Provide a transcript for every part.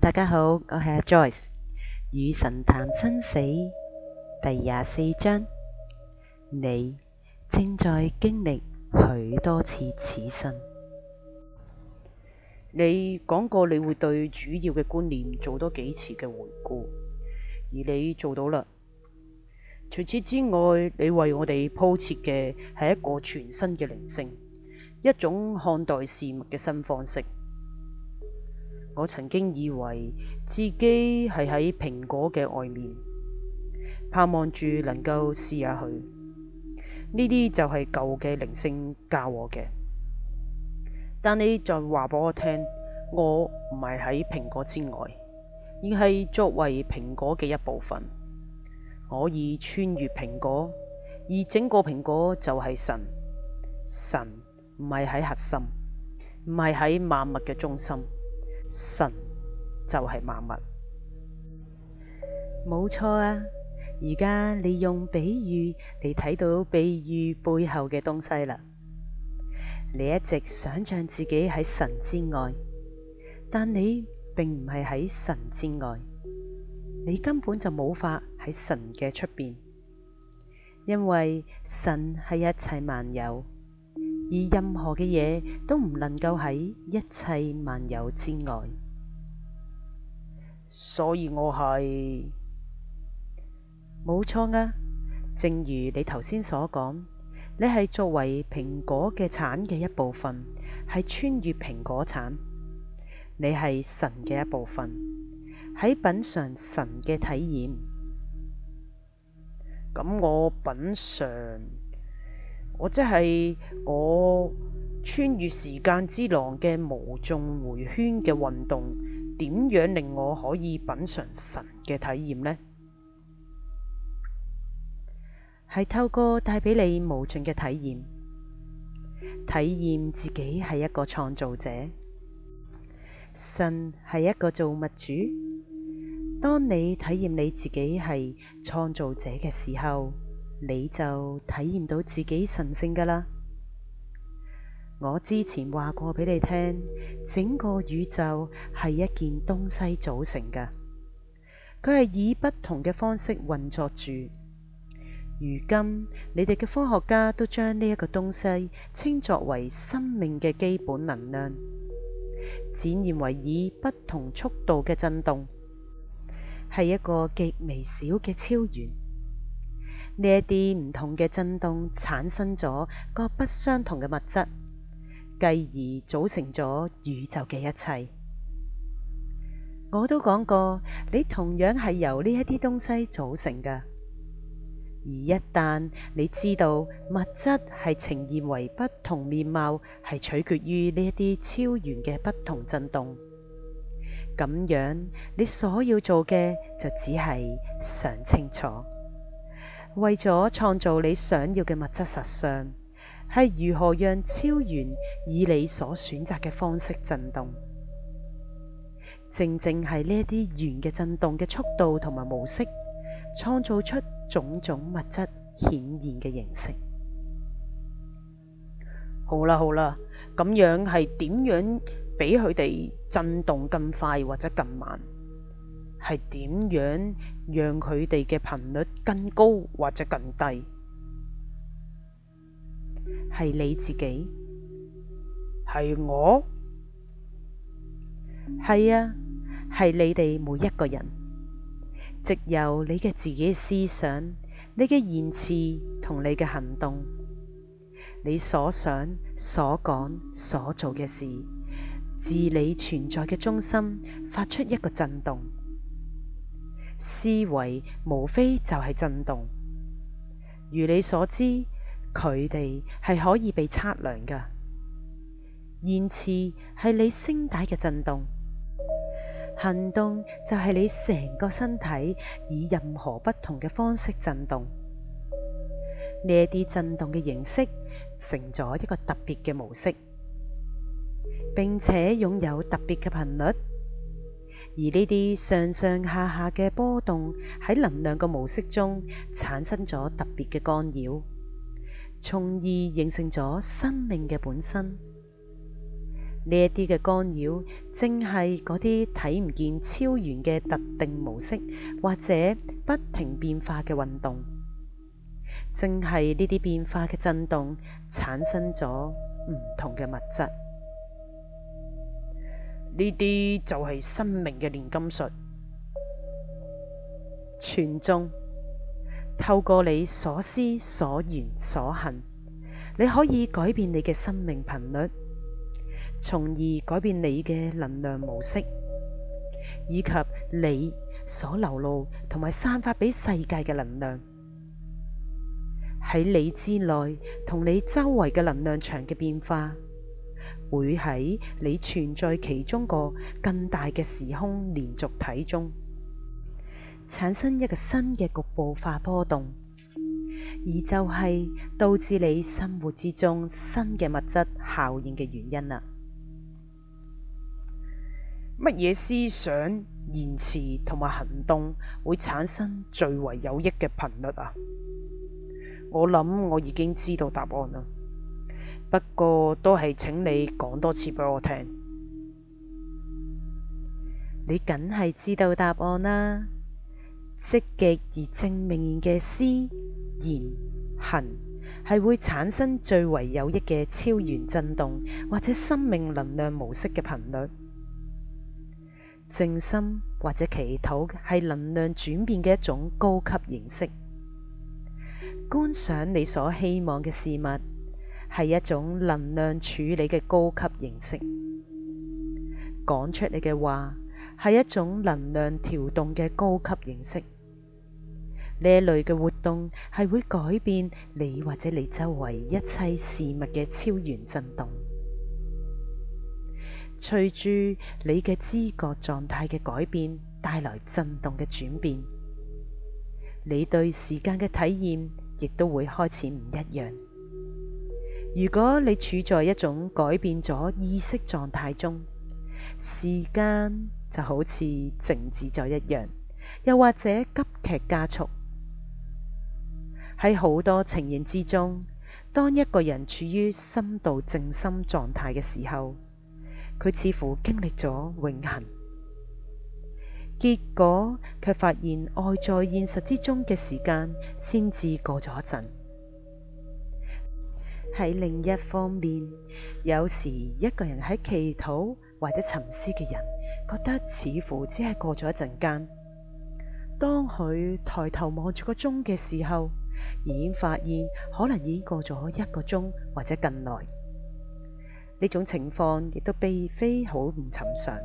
大家好，我係 Joyce，與神談生死第二十四章，你正在經歷許多次此生。你講過你會對主要嘅觀念做多幾次嘅回顧，而你做到啦。除此之外，你為我哋鋪設嘅係一個全新嘅靈性，一種看待事物嘅新方式。我曾經以為自己係喺蘋果嘅外面，盼望住能夠試下去。呢啲就係舊嘅靈性教我嘅。但你再話俾我聽，我唔係喺蘋果之外，而係作為蘋果嘅一部分，可以穿越蘋果，而整個蘋果就係神。神唔係喺核心，唔係喺萬物嘅中心。神就係萬物，冇錯啊！而家你用比喻嚟睇到比喻背後嘅東西啦。你一直想象自己喺神之外，但你並唔係喺神之外，你根本就冇法喺神嘅出便，因為神係一切萬有。而任何嘅嘢都唔能夠喺一切萬有之外，所以我係冇錯吖。正如你頭先所講，你係作為蘋果嘅產嘅一部分，係穿越蘋果產，你係神嘅一部分，喺品嘗神嘅體驗。咁我品嘗。我即係我穿越時間之浪嘅無盡回圈嘅運動，點樣令我可以品嘗神嘅體驗呢？係透過帶俾你無盡嘅體驗，體驗自己係一個創造者，神係一個造物主。當你體驗你自己係創造者嘅時候。你就體驗到自己神聖噶啦！我之前話過俾你聽，整個宇宙係一件東西組成噶，佢係以不同嘅方式運作住。如今，你哋嘅科學家都將呢一個東西稱作為生命嘅基本能量，展現為以不同速度嘅震動，係一個極微小嘅超弦。呢一啲唔同嘅震動產生咗各不相同嘅物質，繼而組成咗宇宙嘅一切。我都講過，你同樣係由呢一啲東西組成噶。而一旦你知道物質係呈現為不同面貌，係取決於呢一啲超弦嘅不同震動，咁樣你所要做嘅就只係想清楚。為咗創造你想要嘅物質實相，係如何讓超元以你所選擇嘅方式震動？正正係呢一啲元嘅震動嘅速度同埋模式，創造出種種物質顯現嘅形式。好啦，好啦，咁樣係點樣俾佢哋震動更快或者更慢？係點樣讓佢哋嘅頻率更高或者更低？係你自己，係我，係啊，係你哋每一個人，藉由你嘅自己思想、你嘅言辭同你嘅行動，你所想、所講、所做嘅事，自你存在嘅中心發出一個震動。思維無非就係震動，如你所知，佢哋係可以被測量噶。言辭係你聲帶嘅震動，行動就係你成個身體以任何不同嘅方式震動。呢啲震動嘅形式成咗一個特別嘅模式，並且擁有特別嘅頻率。而呢啲上上下下嘅波動喺能量嘅模式中產生咗特別嘅干擾，從而形成咗生命嘅本身。呢一啲嘅干擾正係嗰啲睇唔見超弦嘅特定模式，或者不停變化嘅運動，正係呢啲變化嘅震動產生咗唔同嘅物質。呢啲就係生命嘅煉金術，傳宗透過你所思、所言、所行，你可以改變你嘅生命頻率，從而改變你嘅能量模式，以及你所流露同埋散發俾世界嘅能量，喺你之內同你周圍嘅能量場嘅變化。會喺你存在其中個更大嘅時空連續體中，產生一個新嘅局部化波動，而就係導致你生活之中新嘅物質效應嘅原因啊。乜嘢思想、言辭同埋行動會產生最為有益嘅頻率啊？我諗我已經知道答案啦。不過都係請你講多次俾我聽，你梗係知道答案啦。積極而正面嘅思、言、行，係會產生最為有益嘅超弦震動或者生命能量模式嘅頻率。靜心或者祈禱係能量轉變嘅一種高級形式。觀賞你所希望嘅事物。係一種能量處理嘅高級形式，講出嚟嘅話係一種能量調動嘅高級形式。呢一類嘅活動係會改變你或者你周圍一切事物嘅超元震動，隨住你嘅知覺狀態嘅改變帶來震動嘅轉變，你對時間嘅體驗亦都會開始唔一樣。如果你處在一種改變咗意識狀態中，時間就好似靜止咗一樣，又或者急劇加速。喺好多情形之中，當一個人處於深度靜心狀態嘅時候，佢似乎經歷咗永恆，結果卻發現外在現實之中嘅時間先至過咗一陣。喺另一方面，有時一個人喺祈禱或者沉思嘅人，覺得似乎只係過咗一陣間。當佢抬頭望住個鐘嘅時候，已經發現可能已經過咗一個鐘或者更耐。呢種情況亦都並非好唔尋常。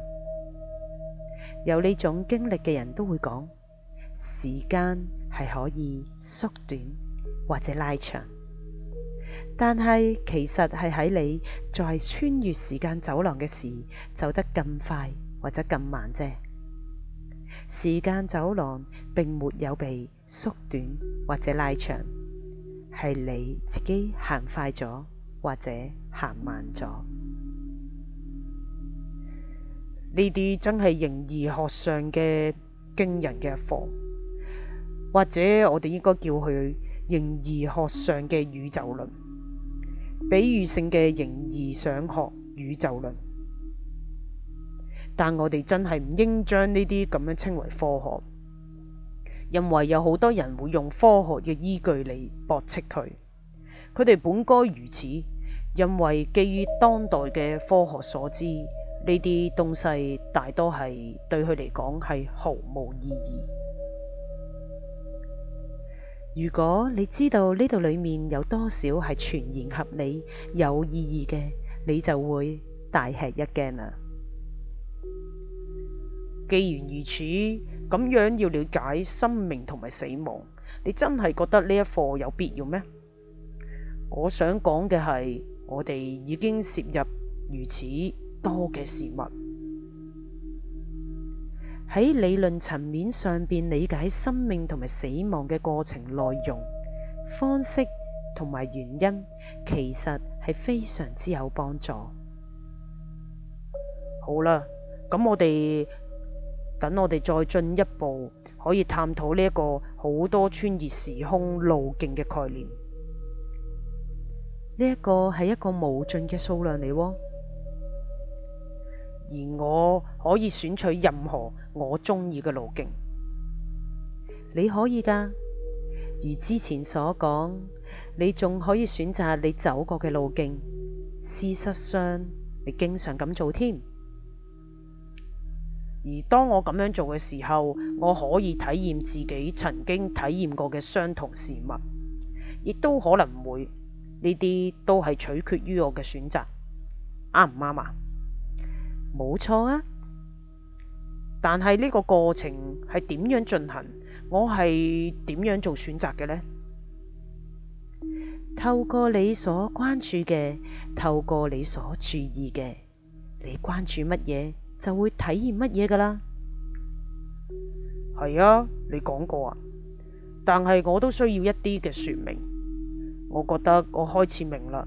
有呢種經歷嘅人都會講，時間係可以縮短或者拉長。但係其實係喺你在穿越時間走廊嘅時走得更快或者更慢啫。時間走廊並沒有被縮短或者拉長，係你自己行快咗或者行慢咗。呢啲真係形而學上嘅驚人嘅課，或者我哋應該叫佢形而學上嘅宇宙論。比喻性嘅形而上學宇宙論，但我哋真係唔應將呢啲咁樣稱為科學。因為有好多人會用科學嘅依據嚟駁斥佢，佢哋本該如此。因為基於當代嘅科學所知，呢啲東西大多係對佢嚟講係毫無意義。如果你知道呢度裏面有多少係全然合理有意義嘅，你就會大吃一驚啦。既然如此，咁樣要了解生命同埋死亡，你真係覺得呢一課有必要咩？我想講嘅係，我哋已經涉入如此多嘅事物。喺理論層面上邊理解生命同埋死亡嘅過程、內容、方式同埋原因，其實係非常之有幫助。好啦，咁我哋等我哋再進一步可以探討呢一個好多穿越時空路徑嘅概念，呢一個係一個無盡嘅數量嚟喎。而我可以選取任何我中意嘅路徑，你可以噶。如之前所講，你仲可以選擇你走過嘅路徑。事實上，你經常咁做添。而當我咁樣做嘅時候，我可以體驗自己曾經體驗過嘅相同事物，亦都可能唔會。呢啲都係取決於我嘅選擇，啱唔啱啊？冇錯啊，但係呢個過程係點樣進行？我係點樣做選擇嘅呢？透過你所關注嘅，透過你所注意嘅，你關注乜嘢就會體驗乜嘢噶啦。係啊，你講過啊，但係我都需要一啲嘅說明。我覺得我開始明啦，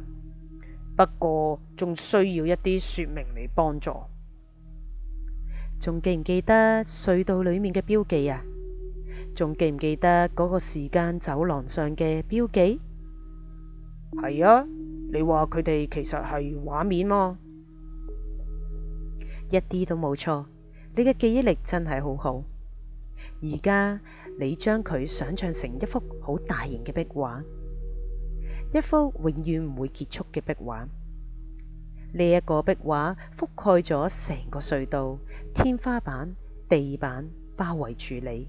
不過仲需要一啲說明嚟幫助。仲記唔記得隧道裏面嘅標記啊？仲記唔記得嗰個時間走廊上嘅標記？係啊，你話佢哋其實係畫面咯，一啲都冇錯。你嘅記憶力真係好好。而家你將佢想象成一幅好大型嘅壁畫，一幅永遠唔會結束嘅壁畫。呢一個壁畫覆蓋咗成個隧道，天花板、地板包圍住你。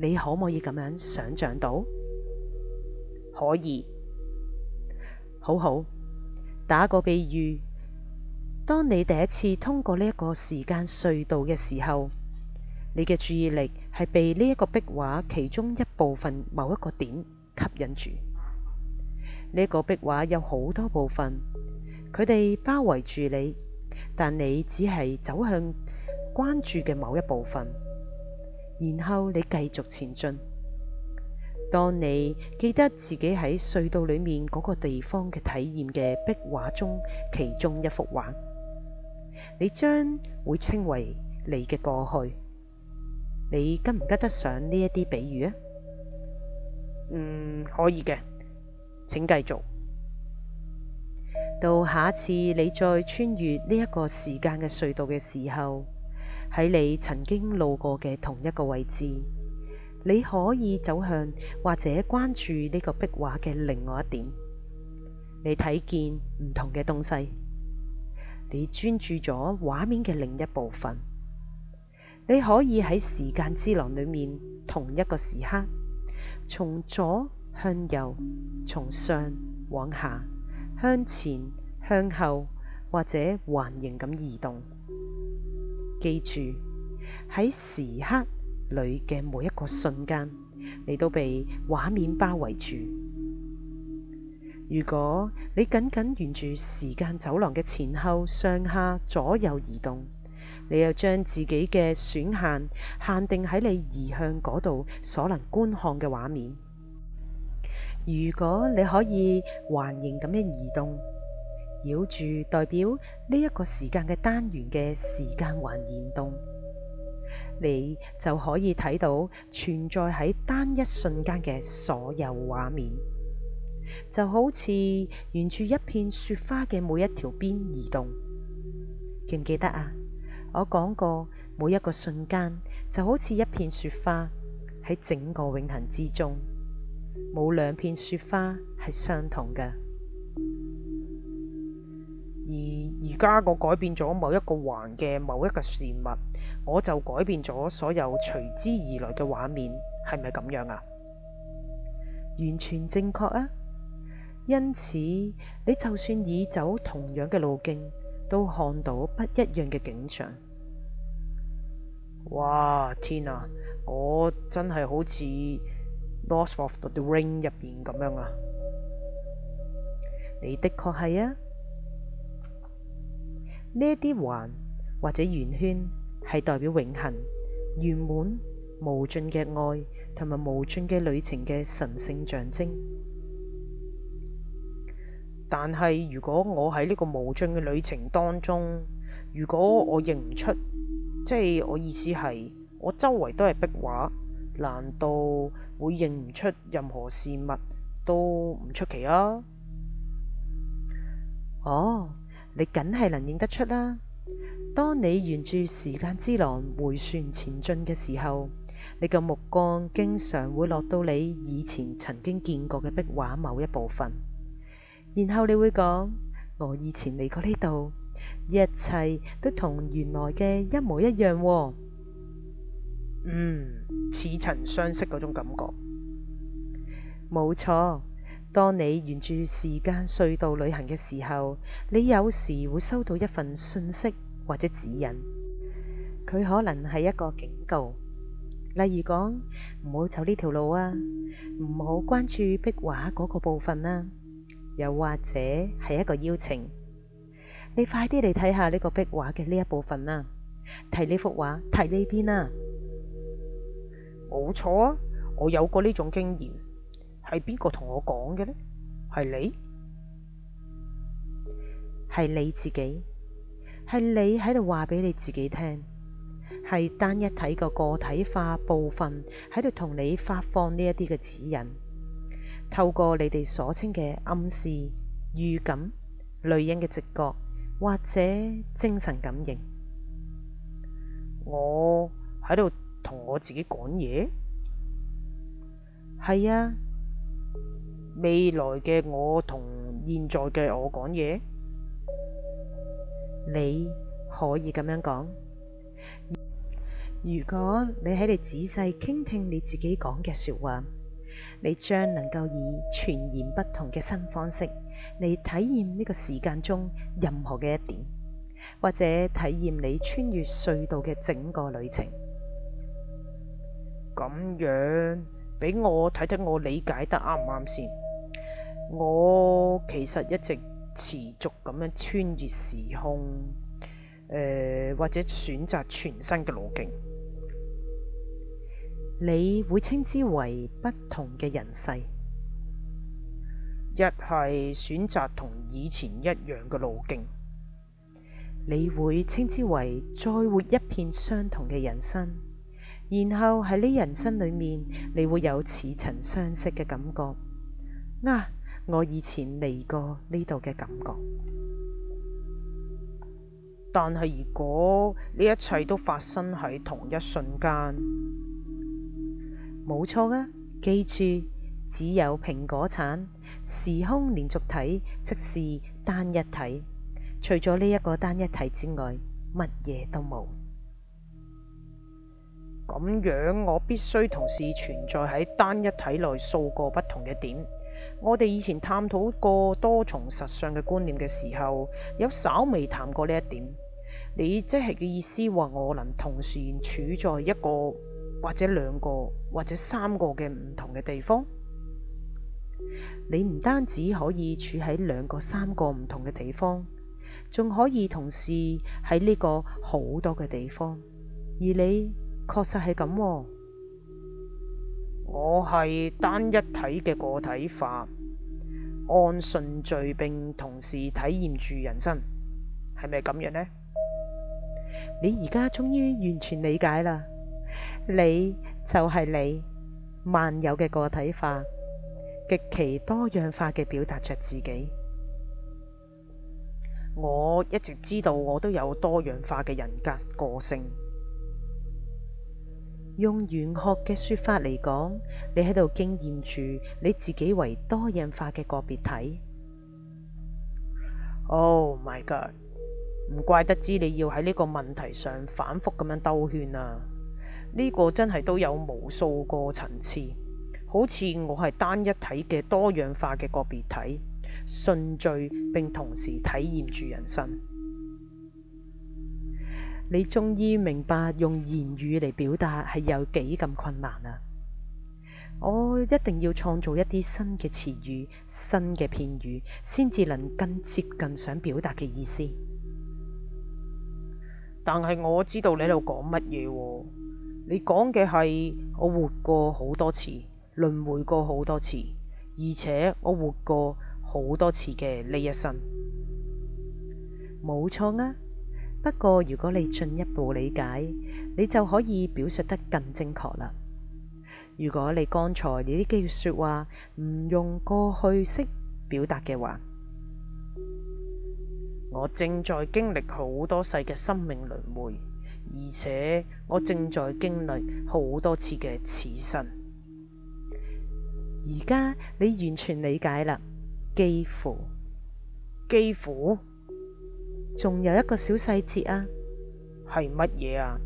你可唔可以咁樣想象到？可以，好好。打個比喻，當你第一次通過呢一個時間隧道嘅時候，你嘅注意力係被呢一個壁畫其中一部分某一個點吸引住。呢個壁畫有好多部分。佢哋包圍住你，但你只係走向關注嘅某一部分，然後你繼續前進。當你記得自己喺隧道裏面嗰個地方嘅體驗嘅壁畫中其中一幅畫，你將會稱為你嘅過去。你跟唔跟得上呢一啲比喻啊？嗯，可以嘅，請繼續。到下次你再穿越呢一個時間嘅隧道嘅時候，喺你曾經路過嘅同一個位置，你可以走向或者關注呢個壁畫嘅另外一點，你睇見唔同嘅東西，你專注咗畫面嘅另一部分，你可以喺時間之廊裏面同一個時刻，從左向右，從上往下。向前、向後或者環形咁移動。記住喺時刻裏嘅每一個瞬間，你都被畫面包圍住。如果你僅僅沿住時間走廊嘅前後、上下、左右移動，你又將自己嘅選限限定喺你移向嗰度所能觀看嘅畫面。如果你可以環形咁樣移動，繞住代表呢一個時間嘅單元嘅時間環移動，你就可以睇到存在喺單一瞬間嘅所有畫面，就好似沿住一片雪花嘅每一條邊移動。記唔記得啊？我講過每一個瞬間就好似一片雪花喺整個永恒之中。冇兩片雪花係相同嘅，而而家我改變咗某一個環嘅某一個事物，我就改變咗所有隨之而來嘅畫面，係咪咁樣啊？完全正確啊！因此你就算以走同樣嘅路徑，都看到不一樣嘅景象。哇！天啊，我真係好似～lost of the ring 入邊咁樣啊，你的確係啊。呢啲環或者圓圈係代表永恆、圓滿、無盡嘅愛同埋無盡嘅旅程嘅神聖象徵。但係如果我喺呢個無盡嘅旅程當中，如果我認唔出，即係我意思係我周圍都係壁畫，難道會認唔出任何事物都唔出奇啊！哦，你梗係能認得出啦。當你沿住時間之浪回旋前進嘅時候，你個目光經常會落到你以前曾經見過嘅壁畫某一部分，然後你會講：我以前嚟過呢度，一切都同原來嘅一模一樣。嗯，似曾相識嗰種感覺，冇錯。當你沿住時間隧道旅行嘅時候，你有時會收到一份訊息或者指引，佢可能係一個警告，例如講，唔好走呢條路啊，唔好關注壁畫嗰個部分啦、啊，又或者係一個邀請，你快啲嚟睇下呢個壁畫嘅呢一部分啦、啊，睇呢幅畫，睇呢邊啦。冇錯啊，我有過呢種經驗，係邊個同我講嘅呢？係你，係你自己，係你喺度話俾你自己聽，係單一體個個體化部分喺度同你發放呢一啲嘅指引，透過你哋所稱嘅暗示、預感、女人嘅直覺或者精神感應，我喺度。同我自己講嘢？係啊，未來嘅我同現在嘅我講嘢，你可以咁樣講。如果你喺度仔細傾聽你自己講嘅說話，你將能夠以全然不同嘅新方式嚟體驗呢個時間中任何嘅一點，或者體驗你穿越隧道嘅整個旅程。咁樣俾我睇睇，我理解得啱唔啱先？我其實一直持續咁樣穿越時空，誒、呃、或者選擇全新嘅路徑，你會稱之為不同嘅人世。一係選擇同以前一樣嘅路徑，你會稱之為再活一遍相同嘅人生。然後喺呢人生裏面，你會有似曾相識嘅感覺。啊，我以前嚟過呢度嘅感覺。但係如果呢一切都發生喺同一瞬間，冇錯啊！記住，只有蘋果產時空連續體，即是單一體。除咗呢一個單一體之外，乜嘢都冇。咁樣，我必須同時存在喺單一體內數個不同嘅點。我哋以前探討過多重實相嘅觀念嘅時候，有稍微談過呢一點。你即係嘅意思話，我能同時處在一個或者兩個或者三個嘅唔同嘅地方？你唔單止可以處喺兩個、三個唔同嘅地方，仲可以同時喺呢個好多嘅地方，而你。確實係咁，我係單一體嘅個體化，按順序並同時體驗住人生，係咪咁樣呢？你而家終於完全理解啦，你就係你萬有嘅個體化，極其多樣化嘅表達着自己。我一直知道我都有多樣化嘅人格個性。用玄學嘅說法嚟講，你喺度經驗住你自己為多樣化嘅個別體。Oh my god！唔怪得知你要喺呢個問題上反覆咁樣兜圈啦，啊。呢，這個真係都有無數個層次，好似我係單一體嘅多樣化嘅個別體，順序並同時體驗住人生。你終於明白用言語嚟表達係有幾咁困難呀！我一定要創造一啲新嘅詞語、新嘅片語，先至能更接近想表達嘅意思。但係我知道你喺度講乜嘢喎。你講嘅係我活過好多次，輪迴過好多次，而且我活過好多次嘅呢一生，冇錯啊！不過，如果你進一步理解，你就可以表述得更正確啦。如果你剛才呢啲說話唔用過去式表達嘅話，我正在經歷好多世嘅生命輪迴，而且我正在經歷好多次嘅此生。而家你完全理解啦，幾乎，幾乎。仲有一個小細節啊，係乜嘢？啊？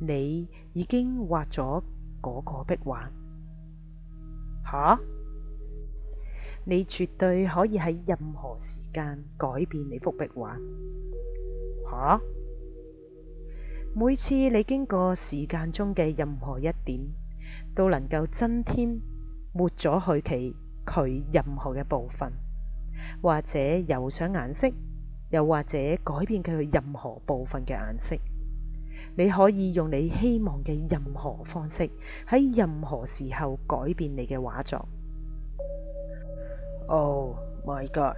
你已經畫咗嗰個壁畫吓，你絕對可以喺任何時間改變你幅壁畫吓。每次你經過時間中嘅任何一點，都能夠增添、抹咗去其他任何嘅部分，或者油上顏色。又或者改變佢任何部分嘅顏色，你可以用你希望嘅任何方式喺任何時候改變你嘅畫作。Oh my god！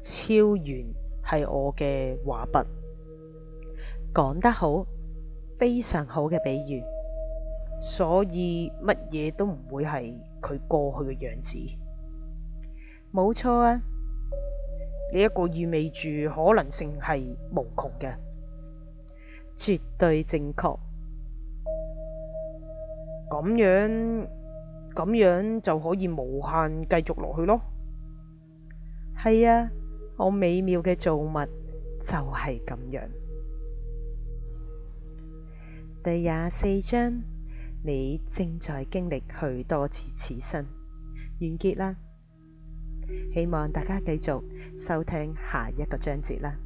超圓係我嘅畫筆，講得好，非常好嘅比喻。所以乜嘢都唔會係佢過去嘅樣子，冇錯啊！呢一個意味住可能性係無窮嘅，絕對正確。咁樣咁樣就可以無限繼續落去咯。係啊，我美妙嘅造物就係咁樣。第廿四章，你正在經歷許多次此生，完結啦。希望大家繼續收聽下一個章節啦～